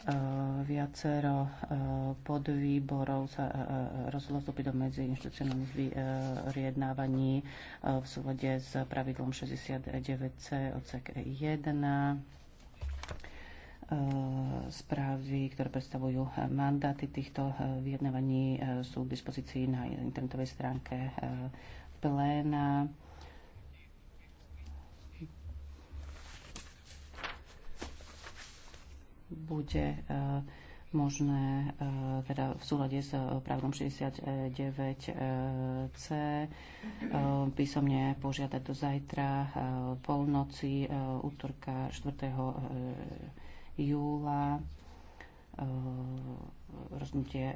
E, viacero e, podvýborov sa e, rozhodlo vstúpiť do medziinstitucionálnych vyjednávaní v súlade s pravidlom 69C odsek 1 správy, ktoré predstavujú mandáty týchto vyjednávaní, sú k dispozícii na internetovej stránke pléna. bude e, možné e, teda v súlade s e, pravidlom 69c písomne požiadať do zajtra polnoci útorka 4. júla rozhodnutie